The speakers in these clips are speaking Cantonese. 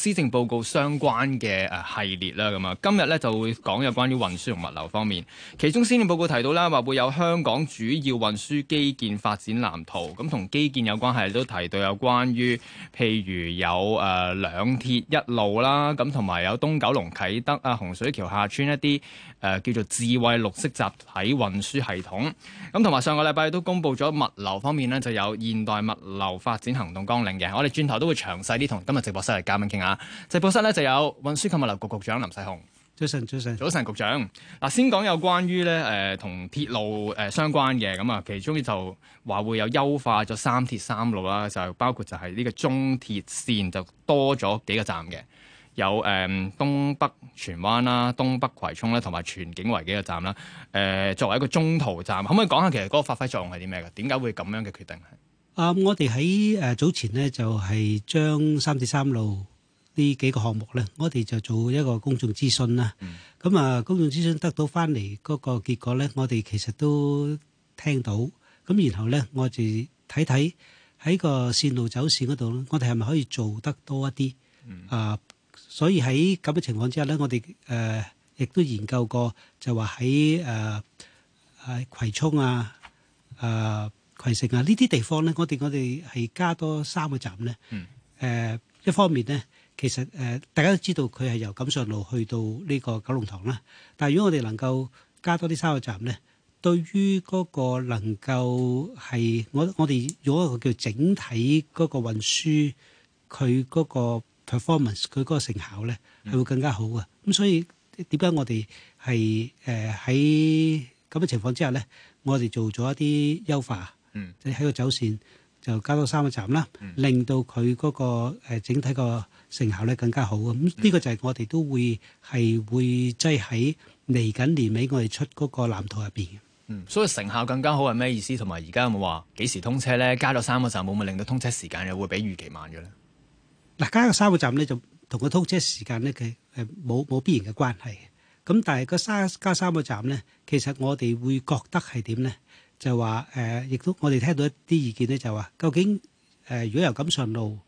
施政報告相關嘅誒系列啦，咁啊，今日咧就會講有關於運輸同物流方面。其中施政報告提到啦，話會有香港主要運輸基建發展藍圖，咁同基建有關係亦都提到有關於，譬如有誒、呃、兩鐵一路啦，咁同埋有東九龍啟德啊、洪水橋下村一啲誒、呃、叫做智慧綠色集體運輸系統。咁同埋上個禮拜都公布咗物流方面呢，就有現代物流發展行動綱領嘅。我哋轉頭都會詳細啲同今日直播室嚟嘉賓傾下。啊！直播室咧就有運輸及物流局局長林世雄。早晨，早晨，早晨，局長。嗱，先講有關於咧誒同鐵路誒、呃、相關嘅。咁啊，其中就話會有優化咗三鐵三路啦，就包括就係呢個中鐵線就多咗幾個站嘅，有誒、呃、東北荃灣啦、東北葵涌啦同埋荃景圍幾個站啦。誒、呃，作為一個中途站，可唔可以講下其實嗰個發揮作用係啲咩噶？點解會咁樣嘅決定係？啊、嗯，我哋喺誒早前咧就係將三鐵三路。呢幾個項目咧，我哋就做一個公眾諮詢啦。咁啊，公眾諮詢得到翻嚟嗰個結果咧，我哋其實都聽到。咁然後咧，我哋睇睇喺個線路走線嗰度咧，我哋係咪可以做得多一啲啊？所以喺咁嘅情況之下咧，我哋誒亦都研究過，就話喺誒誒葵涌啊、誒葵城啊呢啲地方咧，我哋我哋係加多三個站咧。誒一方面咧。其實誒、呃，大家都知道佢係由錦上路去到呢個九龍塘啦。但係如果我哋能夠加多啲三個站咧，對於嗰個能夠係我我哋如果一個叫整體嗰個運輸佢嗰個 performance 佢嗰個成效咧係會更加好嘅。咁、嗯、所以點解我哋係誒喺咁嘅情況之下咧，我哋做咗一啲優化，即係喺個走線。就加多三個站啦，嗯、令到佢嗰個整體個成效咧更加好啊！咁呢、嗯、個就係我哋都會係會即係喺嚟緊年尾我哋出嗰個藍圖入邊嗯，所以成效更加好係咩意思？同埋而家有冇話幾時通車咧？加咗三個站，冇咪令到通車時間又會比預期慢嘅咧？嗱，加個三個站咧，就同個通車時間咧，佢係冇冇必然嘅關係嘅。咁但係個三加三個站咧，其實我哋會覺得係點咧？就話誒，亦、呃、都我哋聽到一啲意見咧，就話究竟誒、呃，如果由錦上路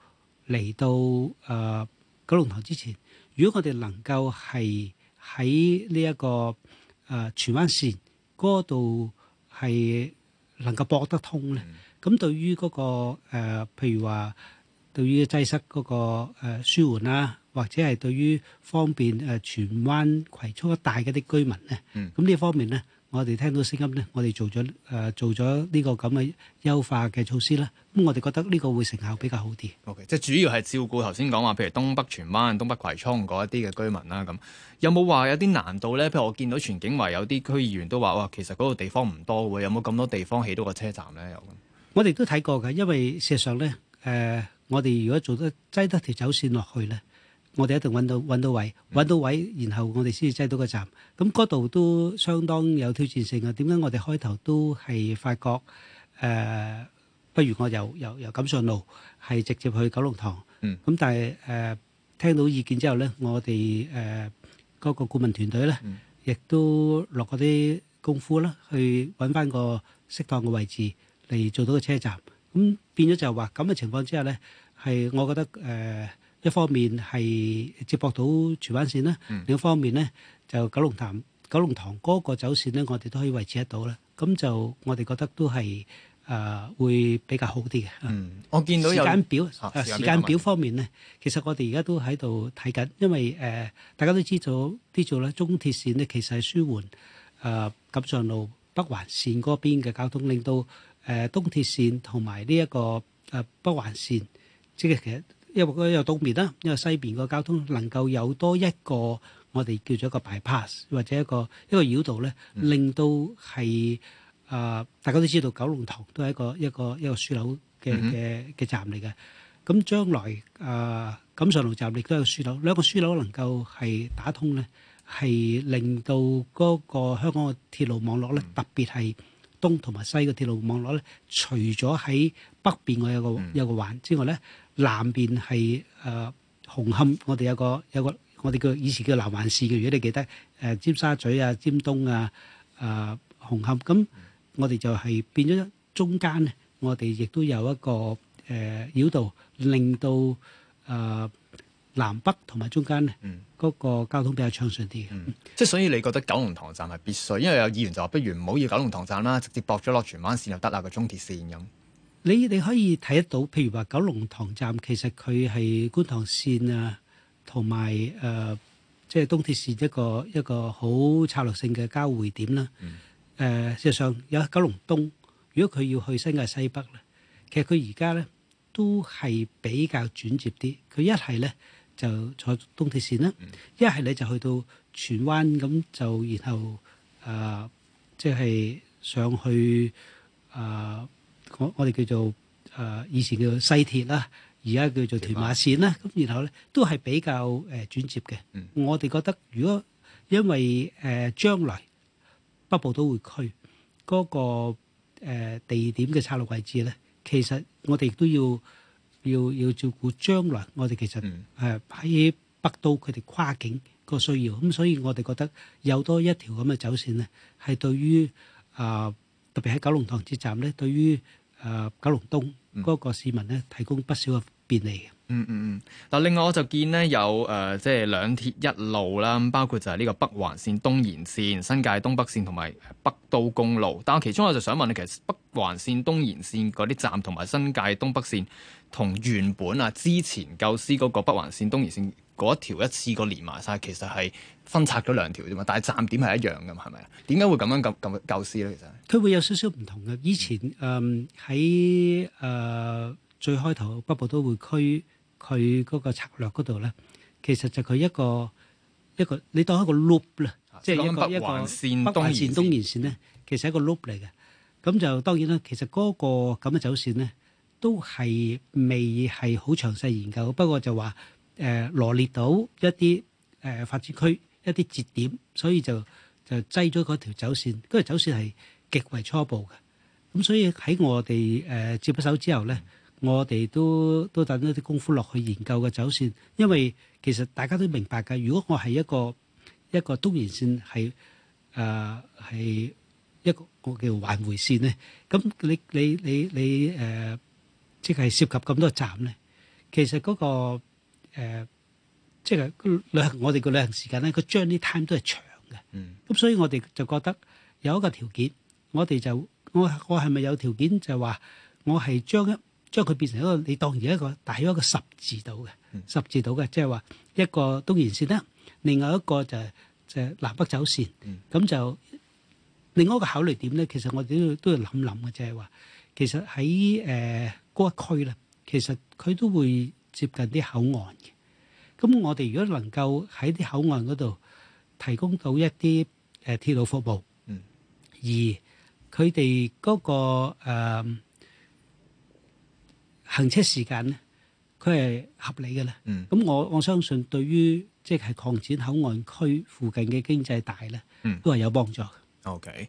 嚟到誒、呃、九龍塘之前，如果我哋能夠係喺呢一個誒荃、呃、灣線嗰度係能夠駁得通咧，咁、嗯、對於嗰、嗰個、呃、譬如話對於擠塞嗰個舒緩啦、啊，或者係對於方便誒荃灣葵涌一帶啲居民咧，咁呢、嗯、方面咧。我哋聽到聲音咧，我哋做咗誒做咗呢個咁嘅優化嘅措施啦。咁我哋覺得呢個會成效比較好啲。OK，即係主要係照顧頭先講話，譬如東北荃灣、東北葵涌嗰一啲嘅居民啦。咁有冇話有啲難度咧？譬如我見到荃景圍有啲區議員都話哇，其實嗰個地方唔多喎，有冇咁多地方起到個車站咧？有。我哋都睇過嘅，因為事實上咧，誒，我哋如果做得擠得條走線落去咧。我哋一定揾到揾到位，揾到位，然後我哋先至擠到個站。咁嗰度都相當有挑戰性啊！點解我哋開頭都係發覺，誒，不如我由由由錦上路係直接去九龍塘。嗯。咁但係誒聽到意見之後咧，我哋誒嗰個顧問團隊咧，亦都落嗰啲功夫啦，去揾翻個適當嘅位置嚟做到個車站。咁變咗就係話咁嘅情況之下咧，係我覺得誒。一方面係接駁到荃灣線啦，另一方面咧就九龍潭、九龍塘嗰個走線咧，我哋都可以維持得到啦。咁就我哋覺得都係誒會比較好啲嘅。嗯，我見到時間表誒時間表方面咧，其實我哋而家都喺度睇緊，因為誒大家都知道呢做咧，中鐵線咧其實係舒緩誒錦上路北環線嗰邊嘅交通，令到誒東鐵線同埋呢一個誒北環線，即係其實。因為佢又東邊啦，因為西邊個交通能夠有多一個我哋叫做一個 bypass 或者一個一個繞道咧，令到係啊，大家都知道九龍塘都係一個一個一個樞紐嘅嘅嘅站嚟嘅。咁將來啊，錦上路站亦都係一個樞紐，兩個樞紐能夠係打通咧，係令到嗰個香港嘅鐵路網絡咧，特別係東同埋西嘅鐵路網絡咧，除咗喺北邊我有個有個環之外咧。南邊係誒紅磡，我哋有個有個我哋叫以前叫南環線嘅，如果你記得誒尖沙咀啊、尖東啊、誒紅磡，咁我哋就係變咗中間咧，我哋亦都有一個誒繞道，令到誒南北同埋中間咧嗰個交通比較暢順啲嘅。即係所以，你覺得九龍塘站係必須，因為有議員就話：不如唔好要九龍塘站啦，直接駁咗落荃灣線就得啦個中鐵線咁。你你可以睇得到，譬如話九龍塘站，其實佢係觀塘線啊，同埋誒，即係東鐵線一個一個好策略性嘅交匯點啦。誒、嗯，事實、呃、上有九龍東，如果佢要去新界西北咧，其實佢而家咧都係比較轉接啲。佢一係咧就坐東鐵線啦，一係、嗯、你就去到荃灣咁就然後誒，即、呃、係、就是、上去誒。呃我哋叫做誒、呃、以前叫做西鐵啦，而家叫做屯馬線啦，咁然後咧都係比較誒轉、呃、接嘅。嗯、我哋覺得如果因為誒將、呃、來北部都會區嗰、那個、呃、地點嘅策略位置咧，其實我哋都要要要照顧將來我哋其實誒喺、嗯、北都佢哋跨境個需要，咁、嗯、所以我哋覺得有多一條咁嘅走線咧，係對於啊、呃、特別喺九龍塘站咧，對於誒、呃、九龍東嗰、嗯、個市民呢，提供不少嘅便利嗯嗯嗯。嗱、嗯，另外我就見呢有誒，即、呃、係、就是、兩鐵一路啦，包括就係呢個北環線、東延線、新界東北線同埋北都公路。但係其中我就想問你，其實北環線東延線嗰啲站同埋新界東北線，同原本啊之前構思嗰個北環線東延線。嗰一條一次過、那個、連埋晒，其實係分拆咗兩條啫嘛。但係站點係一樣噶嘛，係咪？點解會咁樣咁咁構思咧？其實佢會有少少唔同嘅。以前誒喺誒最開頭北部都會區，佢嗰個策略嗰度咧，其實就佢一個一個你當一個 loop 啦、啊，即係一個一個北環線、東線、線東延線咧，其實係一個 loop 嚟嘅。咁就當然啦，其實嗰個咁嘅走線咧，都係未係好詳細研究。不過就話。誒羅列到一啲誒發展區一啲節點，所以就就擠咗嗰條走線。嗰條走線係極為初步嘅，咁所以喺我哋誒接咗手之後咧，我哋都都等一啲功夫落去研究個走線。因為其實大家都明白㗎，如果我係一個一個東延線係誒係一個我叫環回線咧，咁你你你你誒即係涉及咁多站咧，其實嗰個。誒、呃，即係旅行，我哋個旅行時間咧，佢將啲 time 都係長嘅。咁、嗯、所以我哋就覺得有一個條件，我哋就我我係咪有條件就係話，我係將一將佢變成一個你當然一個大約一個十字島嘅、嗯、十字島嘅，即係話一個東延線啦，另外一個就係、就係、南北走線。咁、嗯、就另外一個考慮點咧，其實我哋都，都要都要諗諗嘅，就係話其實喺誒嗰一區咧，其實佢、呃、都會。接近啲口岸嘅，咁我哋如果能夠喺啲口岸嗰度提供到一啲誒鐵路服務，嗯而、那個，而佢哋嗰個誒行車時間咧，佢係合理嘅啦，嗯，咁我我相信對於即係擴展口岸區附近嘅經濟帶咧，嗯，都係有幫助。OK，誒、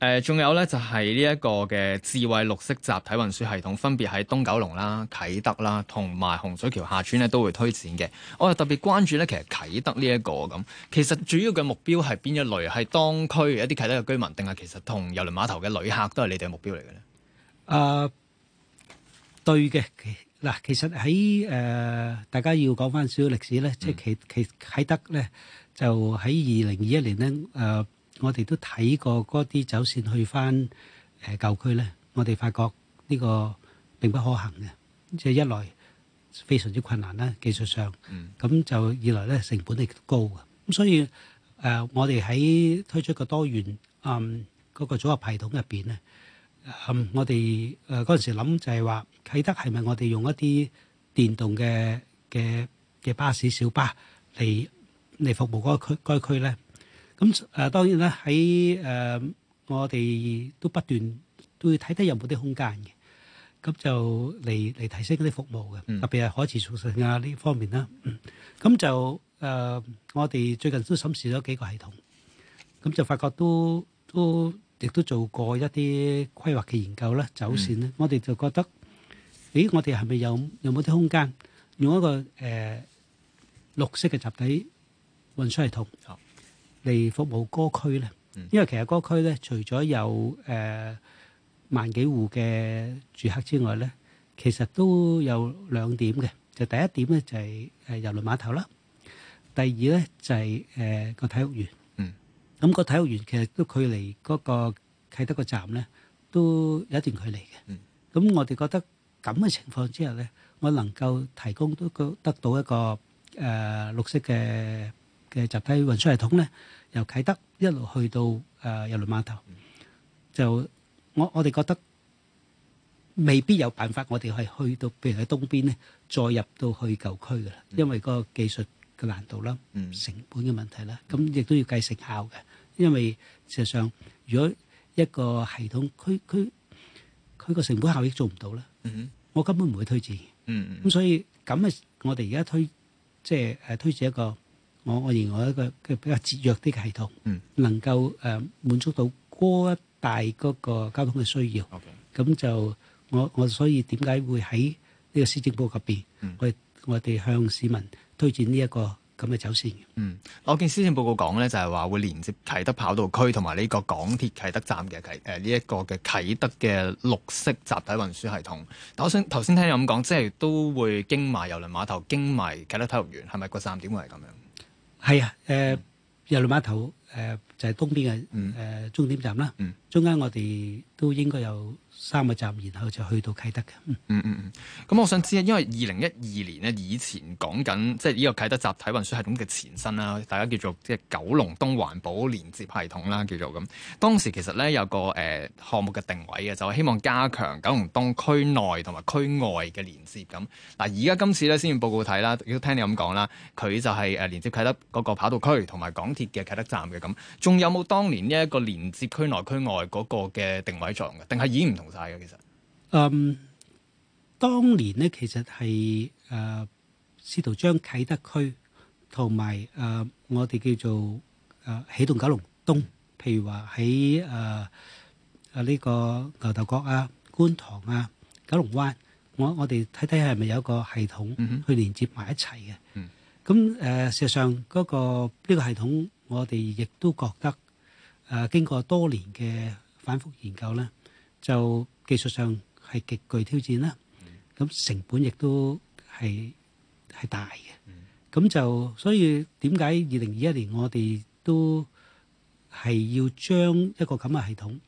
呃，仲有咧就係呢一個嘅智慧綠色集體運輸系統，分別喺東九龍啦、啟德啦，同埋洪水橋下村呢都會推展嘅。我、哦、又特別關注咧，其實啟德呢、這、一個咁，其實主要嘅目標係邊一類？係當區一啲啟德嘅居民，定係其實同郵輪碼頭嘅旅客都係你哋嘅目標嚟嘅咧？誒、呃，對嘅，嗱，其實喺誒、呃，大家要講翻少少歷史咧，嗯、即係其其啟德咧，就喺二零二一年呢。誒、呃。我哋都睇過嗰啲走線去翻誒舊區咧，我哋發覺呢個並不可行嘅，即係一來非常之困難啦，技術上，咁就二來咧成本亦都高嘅，咁所以誒我哋喺推出個多元啊嗰個組合系統入邊咧，我哋誒嗰陣時諗就係話啟德係咪我哋用一啲電動嘅嘅嘅巴士小巴嚟嚟服務嗰區該區咧？咁誒當然啦，喺、呃、誒我哋都不斷都要睇睇有冇啲空間嘅，咁就嚟嚟提升啲服務嘅，嗯、特別係海池儲存啊呢方面啦。咁、嗯、就誒、呃、我哋最近都審視咗幾個系統，咁就發覺都都亦都做過一啲規劃嘅研究啦、走線啦。嗯、我哋就覺得，咦，我哋係咪有有冇啲空間用一個誒、呃、綠色嘅集體運輸系統？嗯地服務嗰區咧，因為其實嗰區咧，除咗有誒萬幾戶嘅住客之外咧，其實都有兩點嘅，就第一點咧就係誒郵輪碼頭啦，第二咧就係誒個體育園。嗯，咁個體育園其實都距離嗰個啟德個站咧，都有一段距離嘅。嗯，咁我哋覺得咁嘅情況之下咧，我能夠提供都得得到一個誒綠色嘅嘅集體運輸系統咧。由啟德一路去到誒油輪碼頭，就我我哋覺得未必有辦法。我哋係去到，譬如喺東邊咧，再入到去舊區噶啦，因為個技術嘅難度啦、嗯、成本嘅問題啦，咁亦都要計成效嘅。因為事實上，如果一個系統，佢佢佢個成本效益做唔到咧，我根本唔會推薦。咁、嗯嗯嗯、所以咁嘅我哋而家推，即係誒推薦一個。我我認為一個比較節約啲嘅系統，嗯、能夠誒、呃、滿足到嗰一大嗰個交通嘅需要。咁 Okay. 就我我所以點解會喺呢個施政報告入邊，嗯、我我哋向市民推薦呢、這、一個咁嘅走線。嗯，我見施政報告講咧就係話會連接啟德跑道區同埋呢個港鐵啟德站嘅啟誒呢一個嘅啟德嘅綠色集體運輸系統。但我想頭先聽你咁講，即係都會經埋郵輪碼頭，經埋啟德體育園，係咪個站點會係咁樣？係啊，誒，郵輪碼頭，誒、呃，就係、是、東邊嘅誒，終、嗯呃、點站啦，嗯、中間我哋都應該有。三個站，然後就去到啟德嘅。嗯嗯嗯，咁我想知啊，嗯嗯嗯、因為二零一二年咧，以前講緊即係呢個啟德集體運輸系統嘅前身啦，大家叫做即係九龍東環保連接系統啦，叫做咁。當時其實呢有個誒項目嘅定位嘅，就係、是、希望加強九龍東區內同埋區外嘅連接咁。嗱，而家今次呢，施政報告睇啦，亦都聽你咁講啦，佢就係誒連接啟德嗰個跑道區同埋港鐵嘅啟德站嘅咁。仲有冇當年呢一個連接區內區外嗰個嘅定位作用嘅？定係已經唔同？嗯晒嘅其實，嗯，當年咧，其實係誒，試圖將啟德區同埋誒，我哋叫做誒，起動九龍東，譬如話喺誒誒呢個牛頭角啊、觀塘啊、九龍灣，我我哋睇睇係咪有一個系統去連接埋一齊嘅。咁誒、嗯哼呃，事實上、嗰個呢，呢個系統，我哋亦都覺得誒、呃，經過多年嘅反覆研究咧。就技術上係極具挑戰啦，咁成本亦都係係大嘅，咁就所以點解二零二一年我哋都係要將一個咁嘅系統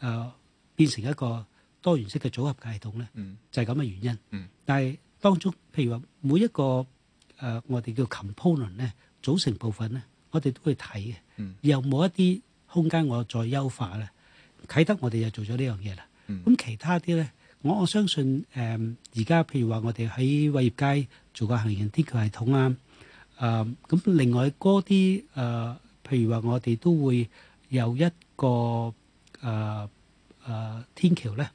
誒變成一個多元式嘅組合嘅系統咧？就係咁嘅原因。但係當中譬如話每一個誒我哋叫 component 咧組成部分咧，我哋都會睇嘅，有冇一啲空間我再優化咧？啟德我哋又做咗呢樣嘢啦，咁其他啲咧，我我相信誒而家譬如話我哋喺偉業街做個行人天橋系統啊，誒咁另外嗰啲誒譬如話我哋都會有一個誒誒天橋咧，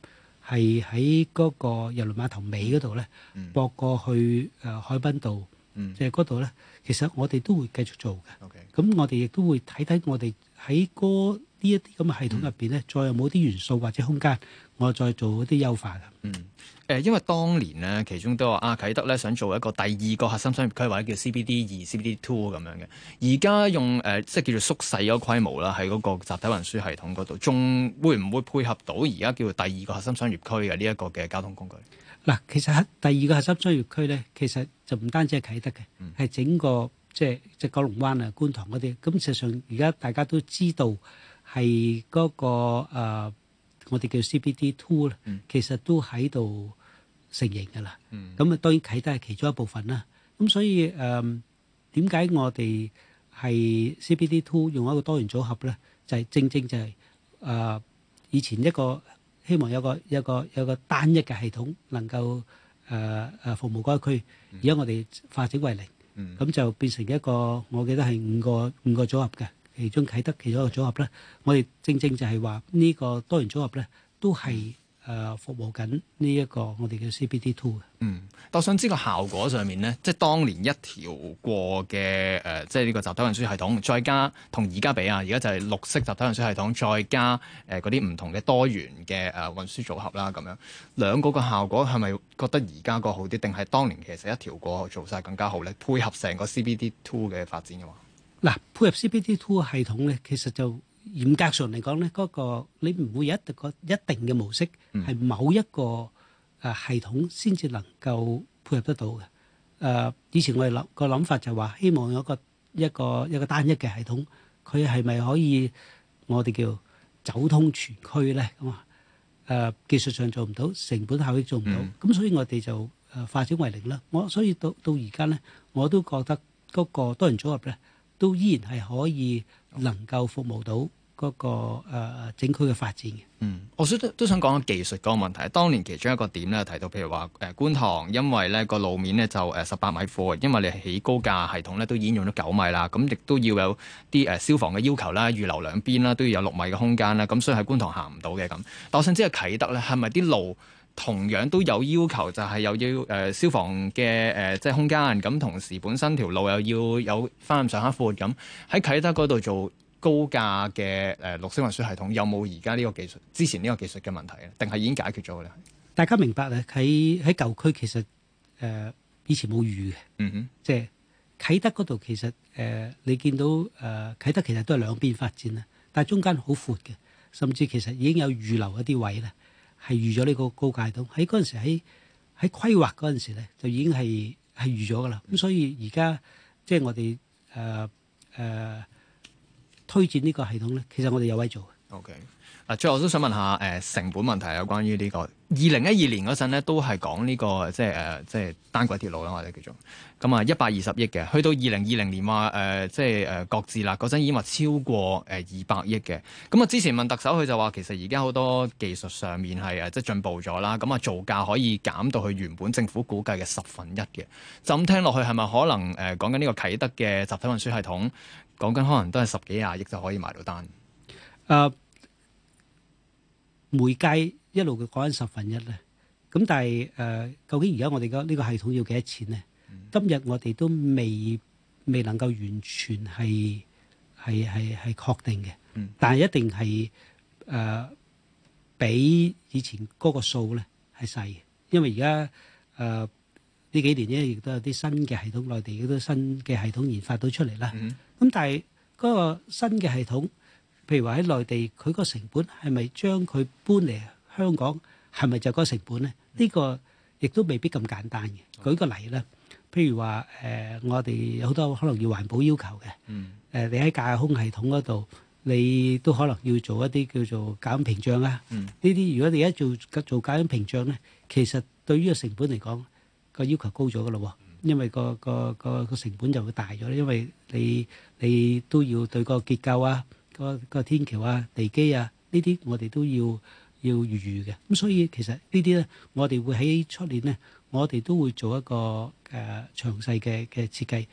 係喺嗰個郵輪碼頭尾嗰度咧，駁過去誒海濱道，即係嗰度咧，其實我哋都會繼續做嘅。咁我哋亦都會睇睇我哋喺嗰呢一啲咁嘅系統入邊咧，再有冇啲元素或者空間，我再做一啲優化嘅。嗯，誒、呃，因為當年咧，其中都話阿、啊、啟德咧想做一個第二個核心商業區，或者叫 CBD 二、CBD Two 咁樣嘅。而家用誒，即係叫做縮細規模啦，喺嗰個集體運輸系統嗰度，仲會唔會配合到而家叫做第二個核心商業區嘅呢一個嘅交通工具？嗱，其實第二個核心商業區咧，其實就唔單止係啟德嘅，係、嗯、整個即係即係九龍灣啊、觀塘嗰啲。咁事實上而家大家都知道。係嗰個誒，我哋叫 CBD2 啦，其實都喺度成形㗎啦。咁啊，當然啟德係其中一部分啦。咁所以誒，點解我哋係 CBD2 用一個多元組合咧？就係正正就係誒以前一個希望有個有個有個單一嘅系統能夠誒誒服務嗰區，而家我哋化整為零，咁就變成一個我記得係五個五個組合嘅。其中啟德其中一個組合咧，我哋正正就係話呢個多元組合咧，都係誒、呃、服務緊呢一個我哋嘅 CBD Two。嗯，我想知個效果上面咧，即係當年一條過嘅誒、呃，即係呢個集體運輸系統，再加同而家比啊，而家就係綠色集體運輸系統，再加誒嗰啲唔同嘅多元嘅誒運輸組合啦，咁樣兩嗰個個效果係咪覺得而家個好啲，定係當年其實一條過做晒更加好咧？配合成個 CBD Two 嘅發展嘅話。嗱，配合 CPT Two 嘅系統咧，其實就嚴格上嚟講咧，嗰個你唔會有一個一定嘅模式係某一個誒系統先至能夠配合得到嘅。誒，以前我哋諗個諗法就話希望有一個一個一個單一嘅系統，佢係咪可以我哋叫走通全區咧咁啊？誒，技術上做唔到，成本效益做唔到，咁所以我哋就誒化整為零啦。我所以到到而家咧，我都覺得嗰個多人組合咧。都依然係可以能夠服務到嗰、那個、呃、整區嘅發展。嗯，我想都都想講技術嗰個問題。當年其中一個點咧，提到譬如話誒、呃、觀塘，因為呢個路面呢就誒十八米闊，因為你起高架系統呢都已經用咗九米啦，咁、嗯、亦都要有啲誒、呃、消防嘅要求啦，預留兩邊啦，都要有六米嘅空間啦，咁、嗯、所以喺觀塘行唔到嘅咁、嗯。但我想知係啟德呢係咪啲路？同樣都有要求，就係、是、又要誒、呃、消防嘅誒、呃、即係空間，咁同時本身條路又要有翻咁上下闊，咁喺啟德嗰度做高架嘅誒綠色運輸系統，有冇而家呢個技術之前呢個技術嘅問題咧？定係已經解決咗嘅咧？大家明白咧，喺喺舊區其實誒、呃、以前冇預嘅，嗯哼，即係啟德嗰度其實誒、呃、你見到誒、呃、啟德其實都係兩邊發展啊，但係中間好闊嘅，甚至其實已經有預留一啲位啦。係預咗呢個高架系統，喺嗰陣時喺喺規劃嗰陣時咧，就已經係係預咗㗎喇。咁所以而家即係我哋誒誒推薦呢個系統咧，其實我哋有位做嘅。Okay. 啊！最後都想問下誒、呃、成本問題有關於、這個、呢個二零一二年嗰陣咧，都係講呢個、呃、即係誒即係單軌鐵路啦，或者叫做咁啊一百二十億嘅，去到二零二零年話誒、呃、即係誒擱置啦，嗰陣已經話超過誒二百億嘅。咁、嗯、啊，之前問特首佢就話，其實而家好多技術上面係誒即係進步咗啦，咁啊造價可以減到去原本政府估計嘅十分一嘅。就咁聽落去，係咪可能誒、呃、講緊呢個啟德嘅集體運輸系統，講緊可能都係十幾廿億就可以埋到單？啊、uh！每屆一路佢講緊十分一咧，咁但係誒、呃，究竟而家我哋嘅呢個系統要幾多錢咧？嗯、今日我哋都未未能夠完全係係係係確定嘅，嗯、但係一定係誒、呃、比以前嗰個數咧係細嘅，因為而家誒呢幾年咧亦都有啲新嘅系統，內地嗰啲新嘅系統研發到出嚟啦。咁、嗯、但係嗰個新嘅系統。譬如話喺內地，佢個成本係咪將佢搬嚟香港係咪就個成本咧？呢個亦都未必咁簡單嘅。舉個例啦，譬如話誒，我哋有好多可能要環保要求嘅誒，你喺架空系統嗰度，你都可能要做一啲叫做隔音屏障啊。呢啲如果你一做做隔音屏障咧，其實對於個成本嚟講個要求高咗噶咯，因為個個個個成本就會大咗啦，因為你你都要對個結構啊。個個天橋啊、地基啊呢啲，我哋都要要預嘅。咁所以其實呢啲咧，我哋會喺出年咧，我哋都會做一個誒詳細嘅嘅設計，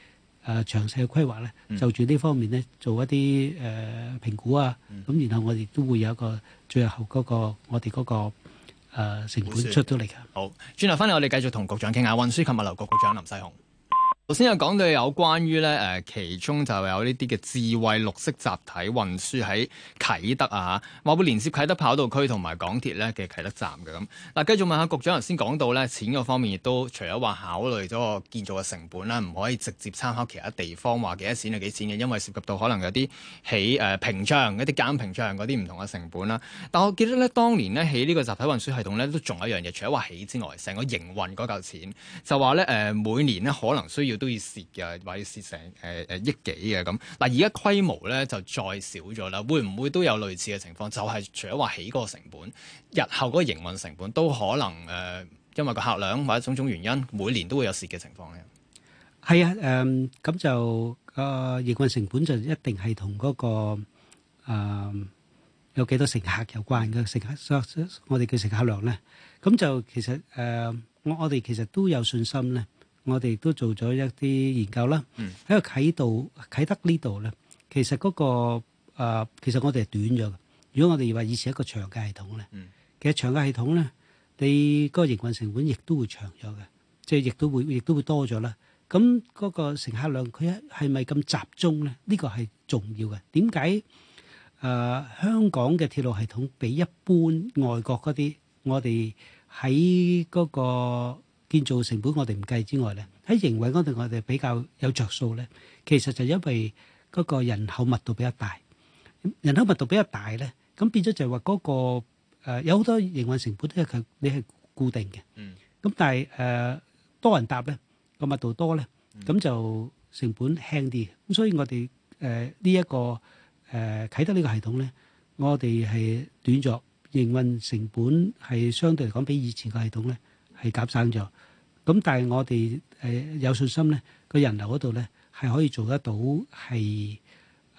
誒詳細嘅規劃咧，就住呢方面咧做一啲誒評估啊。咁然後我哋都會有一個最後嗰個我哋嗰個誒成本出咗嚟㗎。好，轉頭返嚟，我哋繼續同局長傾下，運輸及物流局局長林世雄。頭先又講到有關於呢誒，其中就有呢啲嘅智慧綠色集體運輸喺啟德啊，吓，話會連接啟德跑道區同埋港鐵呢嘅啟德站嘅,咁。嗱、啊，繼續問，問下局長，頭先講到呢錢個方面，亦都除咗話考慮咗個建造嘅成本啦，唔可以直接參考其他地方話幾多錢就幾錢嘅，因為涉及到可能有啲起誒屏障、一啲隔音屏障嗰啲唔同嘅成本啦。但我記得呢當年呢起呢個集體運輸系統呢，都仲有一樣嘢，除咗話起之外，成個營運嗰嚿錢就話呢誒、呃，每年呢可能需要。都要蝕嘅，或者蝕成誒誒億幾嘅咁。嗱，而家規模咧就再少咗啦。會唔會都有類似嘅情況？就係除咗話起嗰個成本，日後嗰個營運成本都可能誒，因為個客量或者種種原因，每年都會有蝕嘅情況咧。係啊，誒咁就誒營運成本就一定係同嗰個誒有幾多乘客有關嘅乘客，我哋叫乘客量咧。咁就其實誒，我我哋其實都有信心咧。我哋都做咗一啲研究啦，嗯，喺個啟度、啟德呢度咧，其實嗰個誒，其實我哋係短咗嘅。如果我哋以為以前一個長嘅系統咧，嗯，其實長嘅系統咧，你嗰個營運成本亦都會長咗嘅，即係亦都會亦都會多咗啦。咁嗰個乘客量佢一係咪咁集中咧？呢個係重要嘅。點解誒香港嘅鐵路系統比一般外國嗰啲，我哋喺嗰個？建造成本我哋唔計之外咧，喺營運嗰度我哋比較有着數咧。其實就因為嗰個人口密度比較大，人口密度比較大咧，咁變咗就係話嗰個誒有好多營運成本都係佢你係固定嘅。嗯。咁但係誒多人搭咧，個密度多咧，咁就成本輕啲。咁所以我哋誒呢一個誒啟德呢個系統咧，我哋係短咗營運成本係相對嚟講比以前嘅系統咧。係夾生咗，咁但係我哋誒有信心咧，個人流嗰度咧係可以做得到，係誒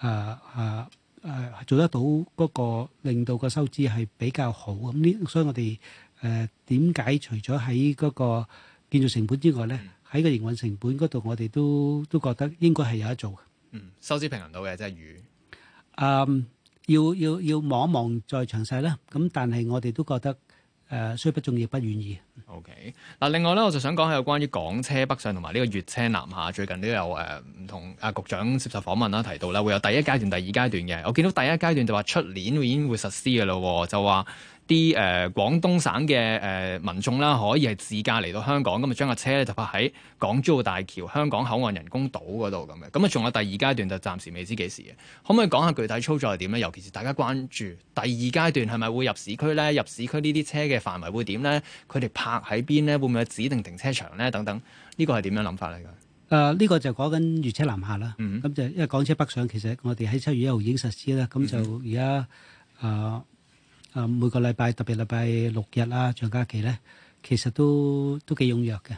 誒誒做得到嗰個令到個收支係比較好咁。呢，所以我哋誒點解除咗喺嗰個建造成本之外咧，喺個營運成本嗰度，我哋都都覺得應該係有得做嘅。嗯，收支平衡到嘅，即係與誒要要要望一望再詳細啦。咁但係我哋都覺得誒雖不中意，不願意。O.K. 嗱，另外咧，我就想講下有關於港車北上同埋呢個粵車南下，最近都有誒唔同啊局長接受訪問啦，啊，提到咧會有第一階段、第二階段嘅。我見到第一階段就話出年會已經會實施嘅咯，就話。啲誒、呃、廣東省嘅誒、呃、民眾啦，可以係自駕嚟到香港，咁啊將個車咧就泊喺港珠澳大橋香港口岸人工島嗰度咁嘅。咁啊仲有第二階段就暫時未知幾時嘅。可唔可以講下具體操作係點咧？尤其是大家關注第二階段係咪會入市區咧？入市區呢啲車嘅範圍會點咧？佢哋泊喺邊咧？會唔會有指定停車場咧？等等呢個係點樣諗法嚟㗎？誒呢、呃呢個就講緊粵車南下啦。嗯哼，咁就因為港車北上其實我哋喺七月一號已經實施啦。咁就而家啊。嗯哼誒每個禮拜特別禮拜六日啊，長假期咧，其實都都幾踴躍嘅。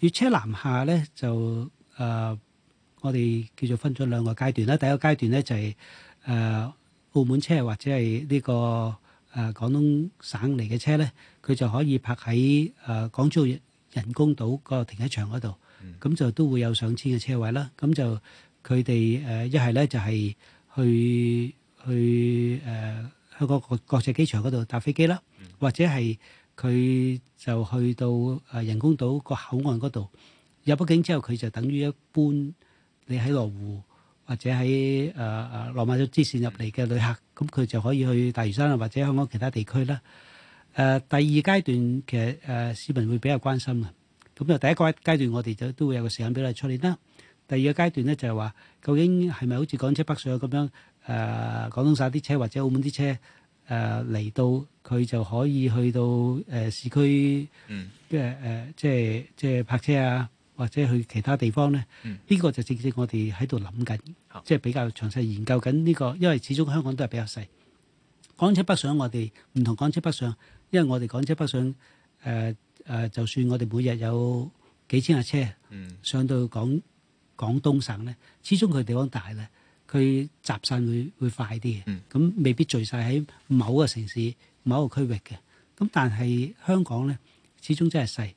粵車南下咧就誒、呃，我哋叫做分咗兩個階段啦。第一個階段咧就係、是、誒、呃、澳門車或者係呢、這個誒、呃、廣東省嚟嘅車咧，佢就可以泊喺誒港珠人工島嗰個停車場嗰度，咁、嗯、就都會有上千嘅車位啦。咁就佢哋誒一係咧就係、是、去去誒。去呃去個國國際機場嗰度搭飛機啦，或者係佢就去到誒人工島個口岸嗰度，入入境之後佢就等於一般你喺羅湖或者喺誒誒落馬洲支線入嚟嘅旅客，咁佢就可以去大嶼山啊，或者香港其他地區啦。誒第二階段其實誒市民會比較關心呀，咁就第一個階段我哋就都會有個時間表嚟出嚟啦。第二個階段咧就係話，究竟係咪好似港車北上咁樣？誒廣東省啲車或者澳門啲車誒嚟到，佢就可以去到誒市區嘅誒，即係即係泊車啊，或者去其他地方咧。呢個就正正我哋喺度諗緊，即係比較詳細研究緊呢個，因為始終香港都係比較細。港車北上，我哋唔同港車北上，因為我哋港車北上誒誒，就算我哋每日有幾千架車上到廣廣東省咧，始終佢地方大咧。佢集散會會快啲嘅，咁未必聚晒喺某個城市某個區域嘅。咁但係香港咧，始終真係細。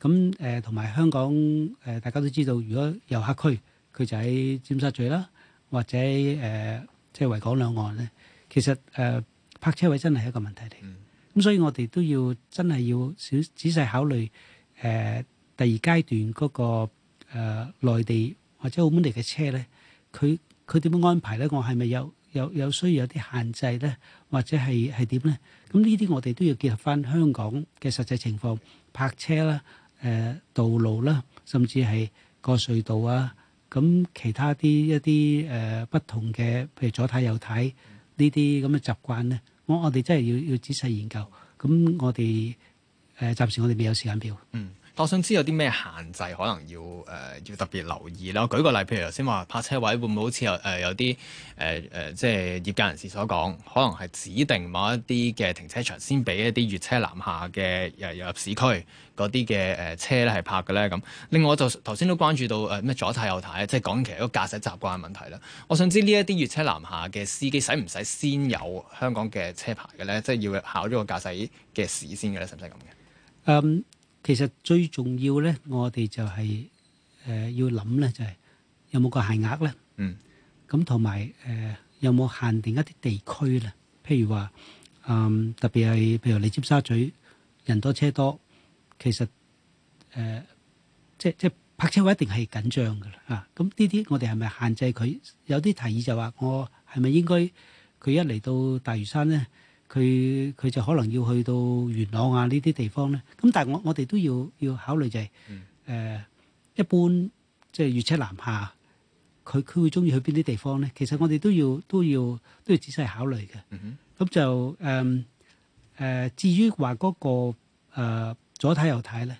咁誒同埋香港誒、呃，大家都知道，如果遊客區佢就喺尖沙咀啦，或者誒即係維港兩岸咧，其實誒、呃、泊車位真係一個問題嚟。咁、嗯啊、所以我哋都要真係要少仔細考慮誒、呃、第二階段嗰、那個誒內、呃、地或者澳門地嘅車咧，佢。佢點樣安排咧？我係咪有有有需要有啲限制咧？或者係係點咧？咁呢啲我哋都要結合返香港嘅實際情況，泊車啦、啊、誒、呃、道路啦、啊，甚至係個隧道啊，咁其他啲一啲誒、呃、不同嘅，譬如左睇右睇呢啲咁嘅習慣咧，我我哋真係要要仔細研究。咁我哋誒、呃、暫時我哋未有時間表。嗯我想知有啲咩限制，可能要誒、呃、要特別留意啦。我舉個例，譬如頭先話泊車位會唔會好似誒有啲誒誒，即係業界人士所講，可能係指定某一啲嘅停車場先俾一啲越車南下嘅、呃呃、入市區嗰啲嘅誒車咧，係泊嘅咧。咁另外我就頭先都關注到誒咩、呃、左軚右軚，即係講其實一個駕駛習慣嘅問題啦。我想知呢一啲越車南下嘅司機使唔使先有香港嘅車牌嘅咧？即係要考咗個駕駛嘅試先嘅咧，使唔使咁嘅？嗯、um。其實最重要咧，我哋就係、是、誒、呃、要諗咧，就係、是、有冇個限額咧？嗯，咁同埋誒有冇、呃、限定一啲地區咧？譬如話，嗯、呃、特別係譬如你尖沙咀人多車多，其實誒、呃、即即泊車位一定係緊張噶啦嚇。咁呢啲我哋係咪限制佢？有啲提議就話我係咪應該佢一嚟到大嶼山咧？佢佢就可能要去到元朗啊呢啲地方咧，咁但係我我哋都要要考慮就係誒一般即係粵西南下，佢佢會中意去邊啲地方咧？其實我哋都要都要都要仔細考慮嘅。咁就誒誒，至於話嗰個誒左睇右睇咧，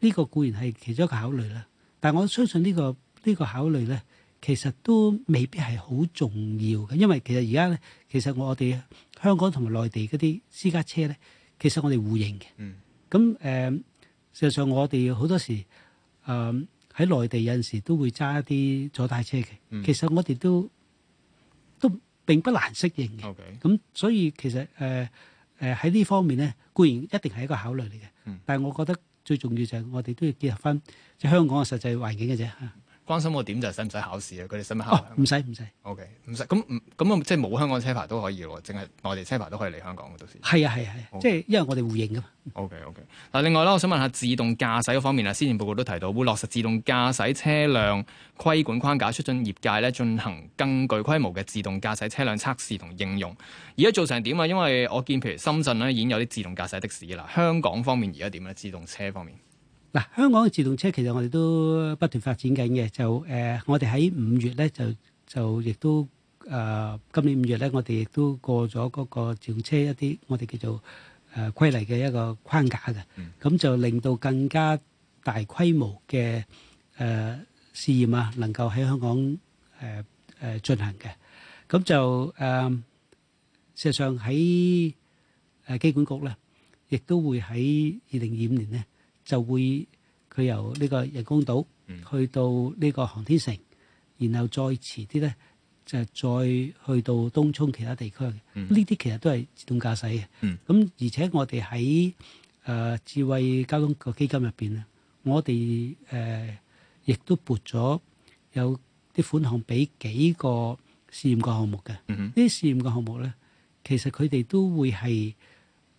呢個固然係其中一個考慮啦，但我相信呢個呢個考慮咧，其實都未必係好重要嘅，因為其實而家咧，其實我哋。香港同埋內地嗰啲私家車咧，其實我哋互認嘅。咁誒、嗯嗯，實際上我哋好多時誒喺、嗯、內地有陣時都會揸一啲左軚車嘅。其實我哋都都並不難適應嘅。咁 Okay.、嗯、所以其實誒誒喺呢方面咧，固然一定係一個考慮嚟嘅。嗯、但係我覺得最重要就係我哋都要結合翻即係香港嘅實際環境嘅啫嚇。關心個點就係使唔使考試啊？佢哋使唔使考？唔使唔使。O K，唔使咁咁即係冇香港車牌都可以喎，淨係內地車牌都可以嚟香港到時。係啊係啊，即係、啊、Okay, okay. 因為我哋互認㗎嘛。O K O K。嗱，另外啦，我想問下自動駕駛嗰方面啊，先前報告都提到會落實自動駕駛車輛規管框架，促進業界咧進行更具規模嘅自動駕駛車輛測試同應用。而家做成點啊？因為我見譬如深圳咧已經有啲自動駕駛的士啦，香港方面而家點咧？自動車方面？嗱，香港嘅自動車其實我哋都不斷發展緊嘅，就誒、呃，我哋喺五月咧就就亦都誒、呃，今年五月咧我哋亦都過咗嗰個自動車一啲我哋叫做誒規例嘅一個框架嘅，咁、嗯、就令到更加大規模嘅誒試驗啊，能夠喺香港誒誒進行嘅，咁就誒，呃、事實上喺誒機管局咧，亦都會喺二零二五年咧。就會佢由呢個人工島去到呢個航天城，嗯、然後再遲啲咧就再去到東涌其他地區。呢啲、嗯、其實都係自動駕駛嘅。咁、嗯、而且我哋喺誒智慧交通個基金入邊咧，我哋誒、呃、亦都撥咗有啲款項俾幾個試驗個項目嘅。呢啲試驗個項目咧，其實佢哋都會係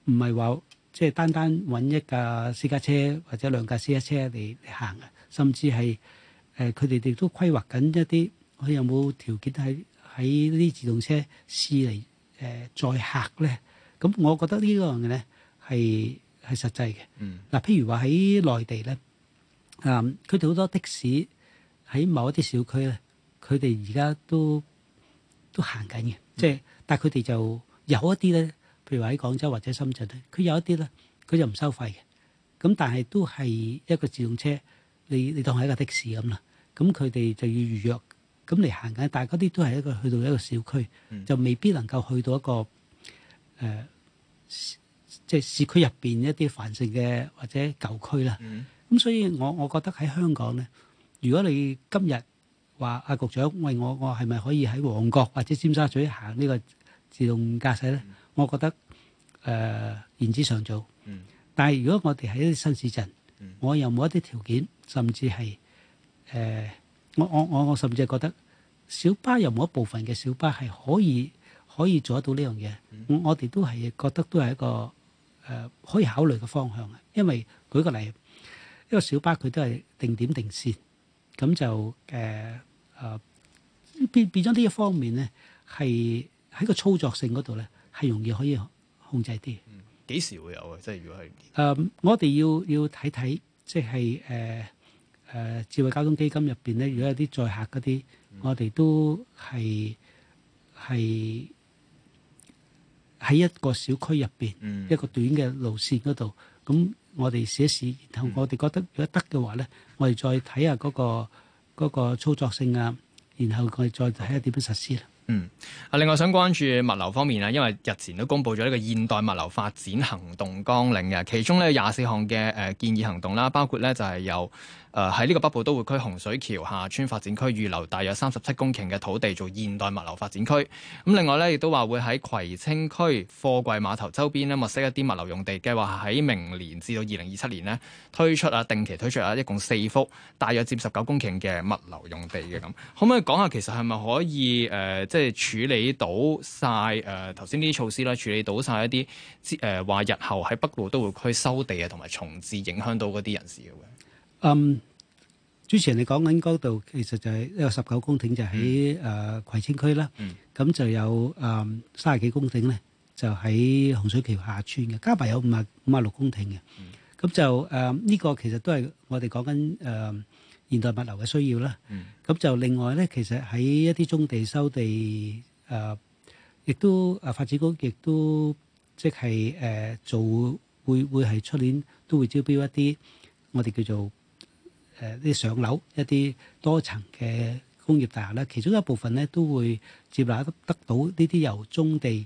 唔係話，即係單單揾一架私家車或者兩架私家車嚟嚟行，甚至係誒佢哋亦都規劃緊一啲，佢有冇條件喺喺呢啲自動車試嚟誒載客咧？咁我覺得呢樣嘢咧係係實際嘅。嗱、嗯啊，譬如話喺內地咧，啊、呃，佢哋好多的士喺某一啲小區咧，佢哋而家都都行緊嘅，即係、嗯、但係佢哋就有一啲咧。譬如話喺廣州或者深圳咧，佢有一啲咧，佢就唔收費嘅，咁但係都係一個自動車，你你當係一個的士咁啦，咁佢哋就要預約，咁嚟行緊，但係嗰啲都係一個去到一個小區，就未必能夠去到一個誒，即係市區入邊一啲繁盛嘅或者舊區啦。咁所以我我覺得喺香港咧，如果你今日話阿局長，喂，我我係咪可以喺旺角或者尖沙咀行呢個自動駕駛咧？我覺得。誒言、呃、之尚早，嗯、但係如果我哋喺一啲新市鎮，嗯、我又冇一啲條件，甚至係誒、呃、我我我我甚至係覺得小巴又冇一部分嘅小巴係可以可以做得到呢樣嘢，我哋都係覺得都係一個誒、呃、可以考慮嘅方向啊！因為舉個例，一、這、為、個、小巴佢都係定點定線，咁就誒誒、呃呃、變變咗呢一方面咧，係喺個操作性嗰度咧係容易可以控制啲，幾時會有啊？即係如果係誒，我哋要要睇睇，即係誒誒智慧交通基金入邊咧，如果有啲載客嗰啲，我哋都係係喺一個小區入邊，一個短嘅路線嗰度，咁我哋試一試，然後我哋覺得如果得嘅話咧，我哋再睇下嗰個嗰個操作性啊，然後我哋再睇下點樣實施啦。嗯，啊，另外想關注物流方面咧，因為日前都公布咗呢個現代物流發展行動綱領嘅，其中呢，廿四項嘅誒建議行動啦，包括呢就係由誒喺呢個北部都會區洪水橋下村發展區預留大約三十七公頃嘅土地做現代物流發展區，咁，嗯，另外呢，亦都話會喺葵青區貨櫃碼頭周邊咧，物色一啲物流用地，計劃喺明年至到二零二七年呢推出啊，定期推出啊，一共四幅大約接十九公頃嘅物流用地嘅，咁，可唔可以講下其實係咪可以誒？呃即係處理到晒，誒頭先呢啲措施啦，處理到晒一啲誒話日後喺北部都會區收地啊，同埋重置影響到嗰啲人士嘅。嗯，主持人，你講緊嗰度其實就係一個十九公頃，就喺誒葵青區啦。嗯。咁就有誒三十幾公頃咧，就喺洪水橋下村嘅，加埋有五啊五啊六公頃嘅。嗯。咁就誒呢個其實都係我哋講緊誒。呃現代物流嘅需要啦，咁就另外咧，其實喺一啲棕地收地誒，亦都誒發展局亦都即係誒做會會係出年都會招標一啲我哋叫做誒啲上樓一啲多層嘅工業大廈啦，其中一部分咧都會接納得得到呢啲由棕地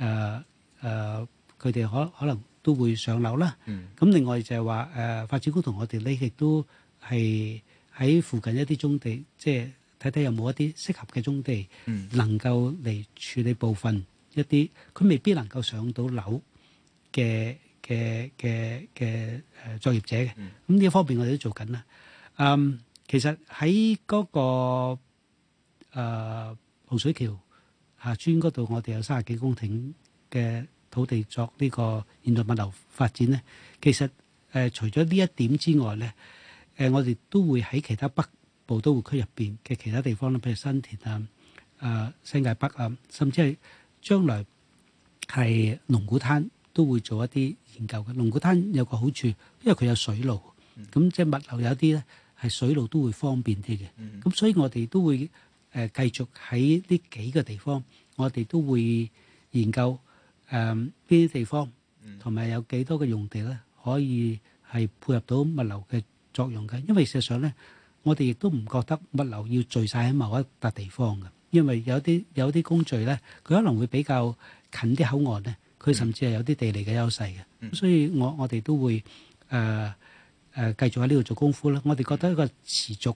誒誒佢哋可可能都會上樓啦。咁另外就係話誒發展局同我哋咧亦都係。喺附近一啲棕地，即係睇睇有冇一啲適合嘅棕地，能夠嚟處理部分，嗯、一啲，佢未必能夠上到樓嘅嘅嘅嘅誒作業者嘅。咁呢一方面我哋都做緊啦。嗯，其實喺嗰、那個誒、呃、洪水橋下村嗰度，我哋有三十幾公頃嘅土地作呢個現代物流發展咧。其實誒、呃、除咗呢一點之外咧。誒，我哋都會喺其他北部都會區入邊嘅其他地方咧，譬如新田啊、誒新界北啊，甚至係將來係龍鼓灘都會做一啲研究嘅。龍鼓灘有個好處，因為佢有水路，咁即係物流有啲咧係水路都會方便啲嘅。咁所以我哋都會誒繼續喺呢幾個地方，我哋都會研究誒邊啲地方同埋有幾多嘅用地咧，可以係配合到物流嘅。作用嘅，因為事實上咧，我哋亦都唔覺得物流要聚曬喺某一笪地方嘅，因為有啲有啲工序咧，佢可能會比較近啲口岸咧，佢甚至係有啲地理嘅優勢嘅，所以我我哋都會誒誒繼續喺呢度做功夫啦。我哋覺得一個持續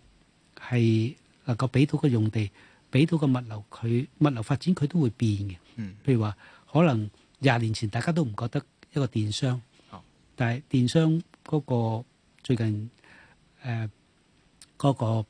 係能夠俾到個用地，俾到個物流，佢物流發展佢都會變嘅。嗯，譬如話，可能廿年前大家都唔覺得一個電商，但係電商嗰個最近。誒嗰、呃那個、呃、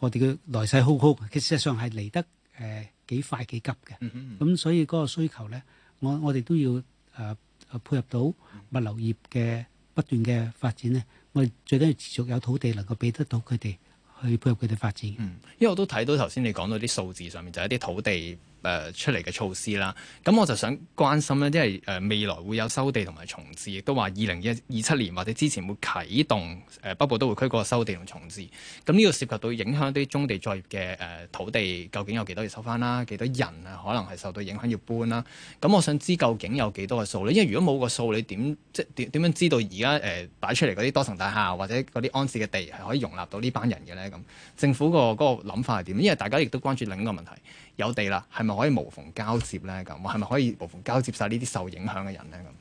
我哋嘅來勢好好，其實上係嚟得誒、呃、幾快幾急嘅。咁、嗯嗯、所以嗰個需求咧，我我哋都要誒誒、呃、配合到物流業嘅不斷嘅發展咧。我哋最緊要持續有土地能夠俾得到佢哋去配合佢哋發展。嗯，因為我都睇到頭先你講到啲數字上面，就係、是、一啲土地。誒出嚟嘅措施啦，咁我就想關心咧，因為誒、呃、未來會有收地同埋重置，亦都話二零二七年或者之前會啟動誒、呃、北部都會區嗰個收地同重置。咁、嗯、呢、這個涉及到影響啲棕地作業嘅誒、呃、土地，究竟有幾多要收返啦？幾多人啊，可能係受到影響要搬啦？咁、嗯、我、嗯嗯、想知究竟有幾多個數咧？因為如果冇個數，你點即點點樣知道而家誒擺出嚟嗰啲多層大廈或者嗰啲安置嘅地係可以容納到呢班人嘅咧？咁、嗯、政府、那個嗰個諗法係點？因為大家亦都關注另一個問題。有地啦，係咪可以無縫交接咧？咁，係咪可以無縫交接晒呢啲受影響嘅人咧？咁，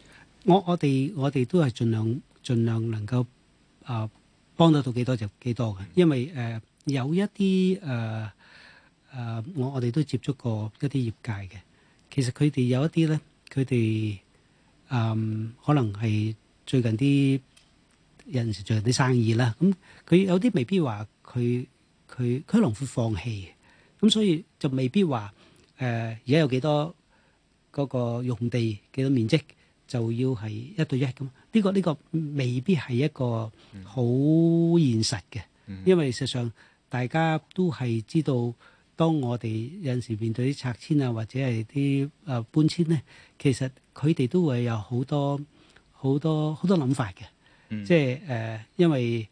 我我哋我哋都係盡量盡量能夠啊、呃、幫得到幾多就幾多嘅，因為誒、呃、有一啲誒誒，我我哋都接觸過一啲業界嘅，其實佢哋有一啲咧，佢哋嗯可能係最近啲人做啲生意啦，咁、嗯、佢有啲未必話佢佢佢可能會放棄。咁、嗯、所以就未必話誒，而、呃、家有幾多嗰個用地幾多面積就要係一對一咁，呢、這個呢、這個未必係一個好現實嘅，嗯、因為事實上大家都係知道，當我哋有時面對啲拆遷啊，或者係啲誒搬遷咧，其實佢哋都會有好多好多好多諗法嘅，嗯、即係誒、呃，因為誒、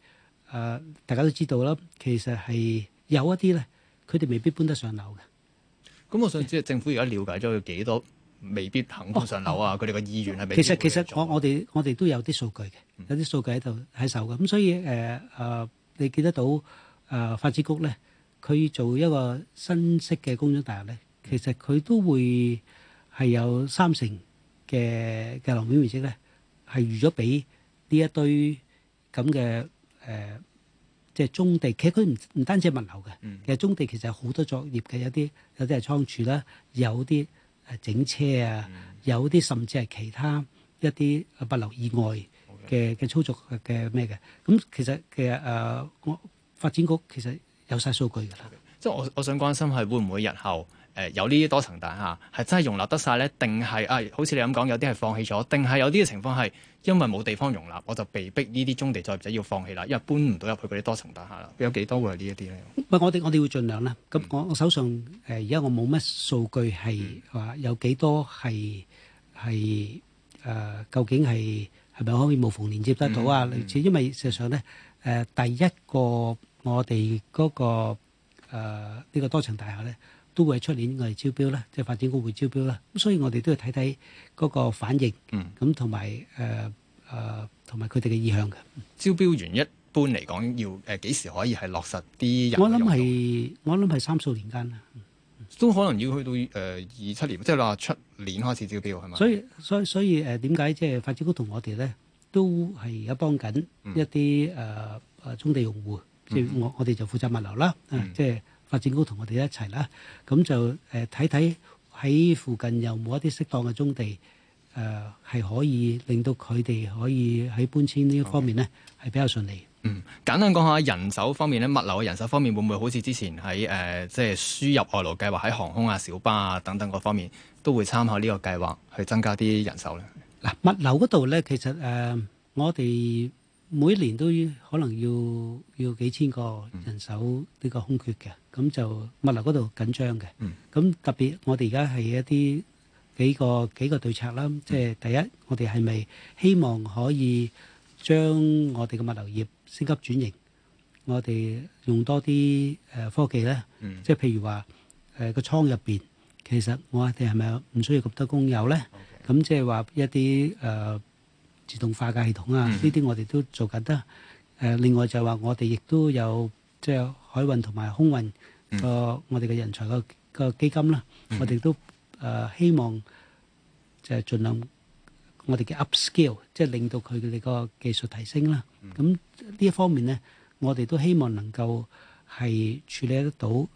呃、大家都知道啦，其實係有一啲咧。佢哋未必搬得上樓嘅。咁我想知政府而家了解咗有幾多未必肯搬上樓啊？佢哋個意願，係其實其實我我哋我哋都有啲數據嘅，有啲數據喺度喺手嘅。咁所以誒誒、呃，你見得到誒發展局咧，佢、呃、做一個新式嘅公廁大樓咧，其實佢都會係有三成嘅嘅樓面面積咧，係預咗俾呢一堆咁嘅誒。呃即係中地，其實佢唔唔單止係物流嘅，嗯、其實中地其實有好多作業嘅，有啲有啲係倉儲啦，有啲誒整車啊，嗯、有啲甚至係其他一啲物流以外嘅嘅、嗯、操作嘅咩嘅。咁 Okay. 其實其實誒，我發展局其實有晒數據㗎啦。Okay. 即係我我想關心係會唔會日後？誒有呢啲多層大廈係真係容納得晒咧？定係啊好似你咁講，有啲係放棄咗，定係有啲嘅情況係因為冇地方容納，我就被逼呢啲中地作業者要放棄啦，因為搬唔到入去嗰啲多層大廈啦。有幾多會係呢一啲咧？唔，我哋我哋會盡量啦。咁我我手上誒而家我冇乜數據係話有幾多係係誒？究竟係係咪可以無縫連接得到啊？類似因為事實上咧誒，第一個我哋嗰個呢個多層大廈咧。都會係出年我哋招標啦，即係發展局會招標啦。咁所以我哋都要睇睇嗰個反應，咁同埋誒誒同埋佢哋嘅意向嘅。招標完一般嚟講，要誒幾時可以係落實啲人？我諗係我諗係三四年間啦，都可能要去到誒二七年，即係話出年開始招標係咪？所以所以所以誒點解即係發展局同我哋咧都係一幫緊一啲誒誒棕地用戶，即係我我哋就負責物流啦，即係。發展局同我哋一齊啦，咁就誒睇睇喺附近有冇一啲適當嘅棕地，誒、呃、係可以令到佢哋可以喺搬遷呢一方面咧係 Okay. 比較順利。嗯，簡單講下人手方面咧，物流嘅人手方面會唔會好似之前喺誒即係輸入外勞計劃喺航空啊、小巴啊等等嗰方面都會參考呢個計劃去增加啲人手咧？嗱，物流嗰度咧，其實誒、呃、我哋每年都可能要要幾千個人手呢個空缺嘅。嗯咁就物流嗰度緊張嘅，咁特別我哋而家係一啲幾個幾個對策啦。即係第一，我哋係咪希望可以將我哋嘅物流業升級轉型？我哋用多啲誒科技咧，即係譬如話誒個倉入邊，其實我哋係咪唔需要咁多工友咧？咁即係話一啲誒自動化嘅系統啊，呢啲我哋都做緊得。誒另外就係話我哋亦都有即係。海運同埋空運個我哋嘅人才個個基金啦，我哋都誒希望就係盡量我哋嘅 upskill，即係令到佢哋個技術提升啦。咁呢一方面咧，我哋都希望能夠係處理得到誒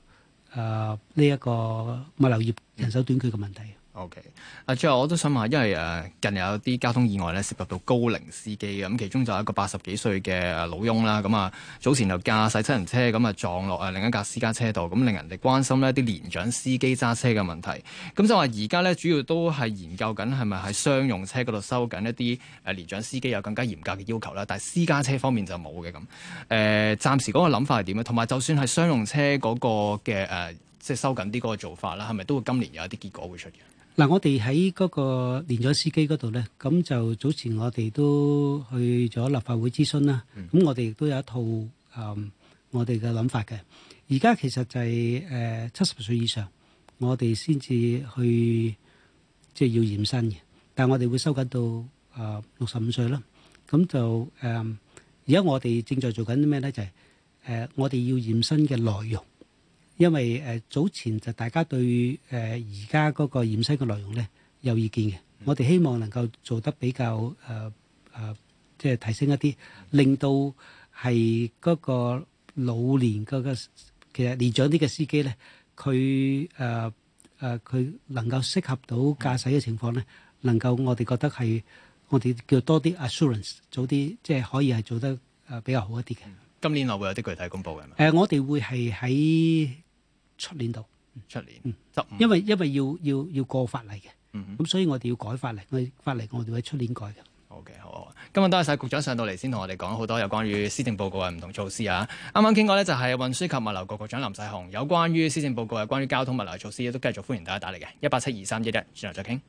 呢一個物流業人手短缺嘅問題。O.K. 啊，最後我都想問下，因為誒近日有啲交通意外咧，涉及到高齡司機嘅，咁其中就有一個八十幾歲嘅老翁啦，咁啊，早前就駕駛七人車咁啊撞落啊另一架私家車度，咁令人哋關心咧啲年長司機揸車嘅問題。咁就係話而家咧主要都係研究緊係咪喺商用車嗰度收緊一啲誒年長司機有更加嚴格嘅要求啦，但係私家車方面就冇嘅咁。誒、呃，暫時嗰個諗法係點啊？同埋就算係商用車嗰個嘅誒、呃，即係收緊啲嗰個做法啦，係咪都會今年有一啲結果會出現？嗱、啊，我哋喺嗰個連咗司機嗰度咧，咁就早前我哋都去咗立法會諮詢啦。咁我哋亦都有一套誒、嗯、我哋嘅諗法嘅。而家其實就係誒七十歲以上，我哋先至去即係、就是、要驗身嘅。但係我哋會收緊到誒六十五歲啦，咁、呃、就誒而家我哋正在做緊啲咩咧？就係、是、誒、呃、我哋要驗身嘅內容。因為誒、呃、早前就大家對誒而家嗰個驗身嘅內容咧有意見嘅，嗯、我哋希望能夠做得比較誒誒、呃呃，即係提升一啲，令到係嗰個老年嗰個其實年長啲嘅司機咧，佢誒誒佢能夠適合到駕駛嘅情況咧，嗯、能夠我哋覺得係我哋叫多啲 assurance，做啲即係可以係做得誒比較好一啲嘅、嗯。今年內會有啲具體公佈嘅係嘛？誒、呃，我哋會係喺。出年到，出年，嗯、因為因為要要要過法例嘅，咁、嗯、哼所以我哋要改法例，我法例我哋會出年改嘅。Okay, 好嘅，好。今日多謝晒局長上到嚟，先同我哋講好多有關於施政報告嘅唔同措施啊。啱啱傾過咧，就係運輸及物流局，局局長林世雄有關於施政報告有關於交通物流嘅措施，都繼續歡迎大家打嚟嘅，一八七二三一一，轉頭再傾。